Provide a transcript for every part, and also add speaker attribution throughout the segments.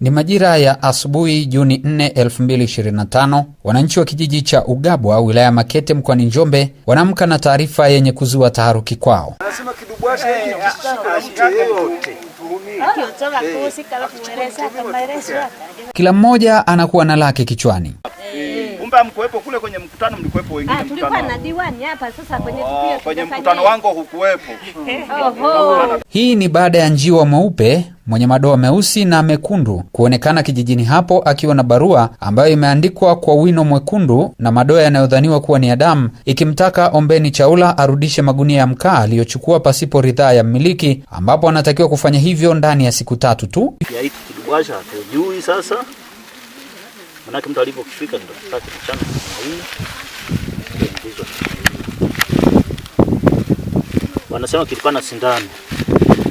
Speaker 1: Ni majira ya asubuhi Juni 4, 2025. Wananchi wa kijiji cha Ugabwa wilaya Makete mkoani Njombe wanaamka na taarifa yenye kuzua taharuki kwao. Kila mmoja anakuwa na lake kichwani. Eh. Kumbe mkuwepo kule kwenye mkutano, mlikuwepo wengine ah, Na diwani hapa sasa kwenye ah, tukio. Kwenye mkutano wangu hukuwepo. Hii ni baada ya njiwa mweupe mwenye madoa meusi na mekundu kuonekana kijijini hapo akiwa na barua ambayo imeandikwa kwa wino mwekundu na madoa yanayodhaniwa kuwa ni ya damu, ikimtaka Ombeni Chaula arudishe magunia ya mkaa aliyochukua pasipo ridhaa ya mmiliki, ambapo anatakiwa kufanya hivyo ndani ya siku tatu tu. Wanasema kilikuwa na sindano.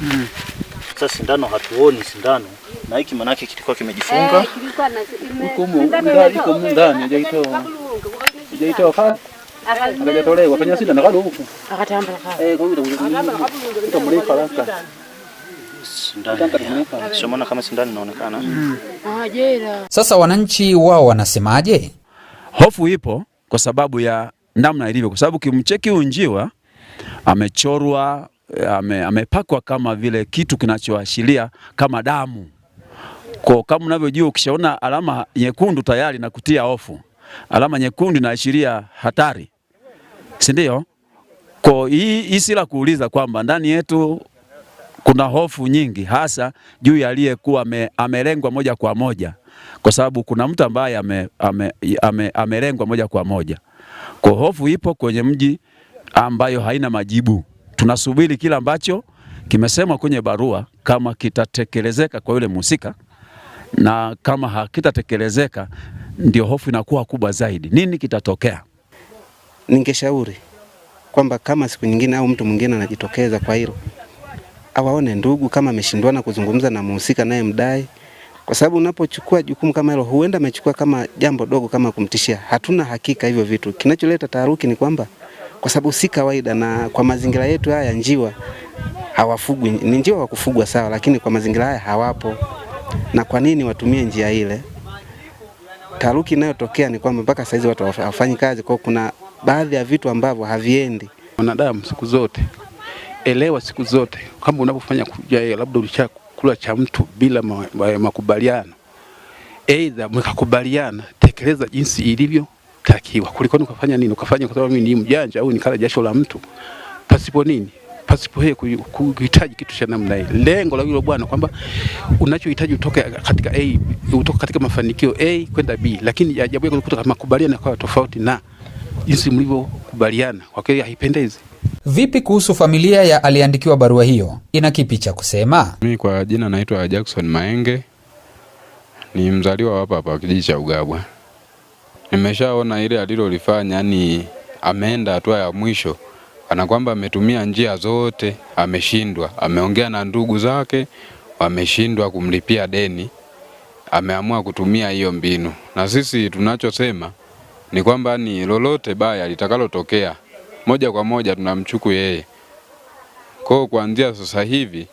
Speaker 1: Hmm sasa sindano hatuoni sindano na hiki manake kilikuwa kimejifunga eh, huko huko ndani, hajaitoa kwenye eh, sindano sindano kama sindano inaonekana. Mm. Ah, sasa wananchi wao wanasemaje?
Speaker 2: Hofu ipo kwa sababu ya namna ilivyo, kwa sababu kimcheki unjiwa amechorwa Eh, ame, amepakwa kama vile kitu kinachoashiria kama damu. Kwa kama unavyojua, ukishaona alama nyekundu tayari na kutia hofu. Alama nyekundu inaashiria hatari, si ndio? Kwa hii si la kuuliza kwamba ndani yetu kuna hofu nyingi, hasa juu ya aliyekuwa amelengwa moja kwa moja, kwa sababu kuna mtu ambaye ame, ame, ame, amelengwa moja kwa moja. Kwa hofu ipo kwenye mji ambayo haina majibu tunasubiri kila ambacho kimesemwa kwenye barua kama kitatekelezeka kwa yule mhusika, na kama hakitatekelezeka ndio hofu inakuwa kubwa zaidi. Nini kitatokea?
Speaker 3: Ningeshauri kwamba kama siku nyingine au mtu mwingine anajitokeza kwa hilo, awaone ndugu, kama ameshindwana kuzungumza na mhusika naye mdai, kwa sababu unapochukua jukumu kama hilo, huenda amechukua kama jambo dogo, kama kumtishia. Hatuna hakika hivyo vitu. Kinacholeta taharuki ni kwamba kwa sababu si kawaida, na kwa mazingira yetu haya njiwa hawafugwi. Ni njiwa wa kufugwa sawa, lakini kwa mazingira haya hawapo. Na kwa nini watumie njia ile? Taruki inayotokea ni kwamba mpaka saizi watu hawafanyi kazi, kwa kuna baadhi ya vitu ambavyo haviendi.
Speaker 4: Mwanadamu siku zote elewa, siku zote kama unapofanya kuja hiyo, labda ulishakula cha mtu bila makubaliano, aidha mkakubaliana, tekeleza jinsi ilivyo kitakiwa, kuliko nikafanya nini, ukafanya kwa sababu mimi ni mjanja au nikala jasho la mtu pasipo nini pasipo yeye kuhitaji kitu cha namna hii. Lengo la yule bwana kwamba unachohitaji utoke katika A, utoke katika mafanikio A kwenda B, lakini ajabu yake kukuta makubaliano kwa tofauti na jinsi mlivyokubaliana, kwa kweli haipendezi.
Speaker 1: Vipi kuhusu familia ya aliandikiwa barua hiyo, ina kipi cha kusema?
Speaker 5: Mimi kwa jina naitwa Jackson Maenge, ni mzaliwa hapa hapa kijiji cha Ugabwa. Nimeshaona ile alilolifanya, ni ameenda hatua ya mwisho, kana kwamba ametumia njia zote ameshindwa. Ameongea na ndugu zake wameshindwa kumlipia deni, ameamua kutumia hiyo mbinu. Na sisi tunachosema ni kwamba ni lolote baya litakalotokea, moja kwa moja tunamchuku yeye. Kwa kuanzia sasa hivi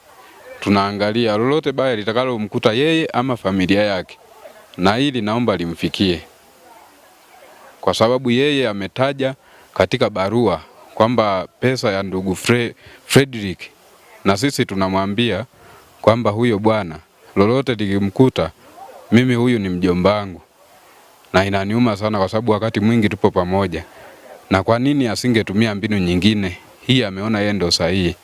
Speaker 5: tunaangalia lolote baya litakalomkuta yeye ama familia yake, na hili naomba limfikie kwa sababu yeye ametaja katika barua kwamba pesa ya ndugu Fre Frederick, na sisi tunamwambia kwamba huyo bwana lolote likimkuta, mimi huyu ni mjombangu na inaniuma sana, kwa sababu wakati mwingi tupo pamoja. Na kwa nini asingetumia mbinu nyingine? Hii ameona yeye ndo sahihi.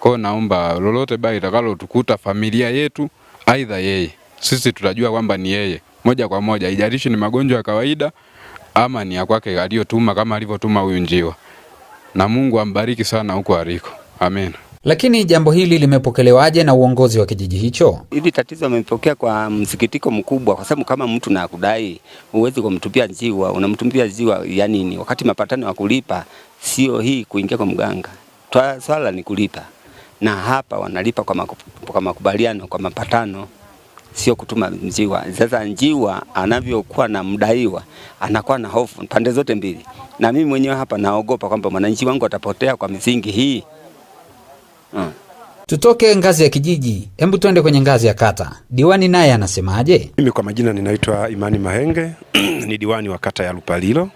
Speaker 5: Kwa naomba lolote baya tukuta familia yetu, aidha yeye, sisi tutajua kwamba ni yeye moja kwa moja, ijarishi ni magonjwa ya kawaida ama ni ya kwake aliyotuma kama alivyotuma huyu njiwa, na Mungu ambariki sana huko aliko, amen.
Speaker 1: Lakini jambo hili limepokelewaje na uongozi wa kijiji hicho?
Speaker 6: Hili tatizo amepokea kwa msikitiko mkubwa, kwa sababu kama mtu na kudai, huwezi kumtupia njiwa. Unamtupia njiwa ya nini, wakati mapatano ya kulipa sio hii kuingia kwa mganga? Swala ni kulipa, na hapa wanalipa kwa makubaliano, kwa mapatano sio kutuma njiwa. Sasa njiwa anavyokuwa na mdaiwa anakuwa na hofu pande zote mbili, na mimi mwenyewe hapa naogopa kwamba mwananchi wangu atapotea kwa misingi hii
Speaker 1: hmm. Tutoke ngazi ya kijiji, hebu tuende kwenye ngazi ya kata. Diwani naye anasemaje?
Speaker 7: Mimi kwa majina ninaitwa Imani Mahenge ni diwani wa kata ya Lupalilo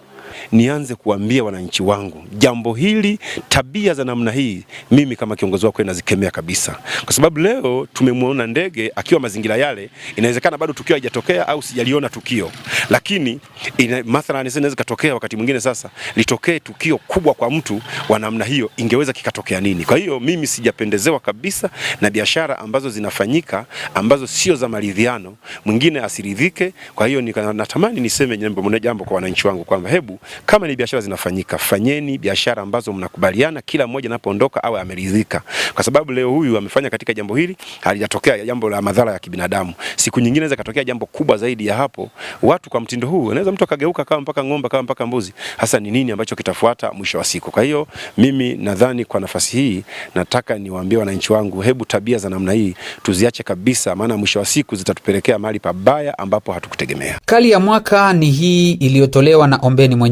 Speaker 7: nianze kuambia wananchi wangu jambo hili, tabia za namna hii, mimi kama kiongozi wako nazikemea kabisa, kwa sababu leo tumemwona ndege akiwa mazingira yale. Inawezekana bado tukio haijatokea au sijaliona tukio, lakini mathalani inaweza katokea wakati mwingine. Sasa litokee tukio kubwa kwa mtu wa namna hiyo, ingeweza kikatokea nini? Kwa hiyo mimi sijapendezewa kabisa na biashara ambazo zinafanyika ambazo sio za maridhiano, mwingine asiridhike. Kwa hiyo natamani niseme jambo moja, jambo kwa wananchi wangu kwamba hebu kama ni biashara zinafanyika, fanyeni biashara ambazo mnakubaliana, kila mmoja anapoondoka awe ameridhika, kwa sababu leo huyu amefanya katika jambo hili, halijatokea jambo la madhara ya kibinadamu. Siku nyingine inaweza katokea jambo kubwa zaidi ya hapo. Watu kwa mtindo huu, anaweza mtu akageuka kama mpaka ng'ombe, kama mpaka mbuzi. Hasa ni nini ambacho kitafuata mwisho wa siku? Kwa hiyo mimi nadhani kwa nafasi hii nataka niwaambie wananchi wangu, hebu tabia za namna hii tuziache kabisa, maana mwisho wa siku zitatupelekea mahali pabaya ambapo hatukutegemea.
Speaker 1: Kali ya mwaka ni hii iliyotolewa na Ombeni mwenye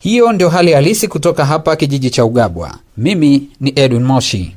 Speaker 1: Hiyo ndio hali halisi kutoka hapa kijiji cha Ugabwa. Mimi ni Edwin Moshi.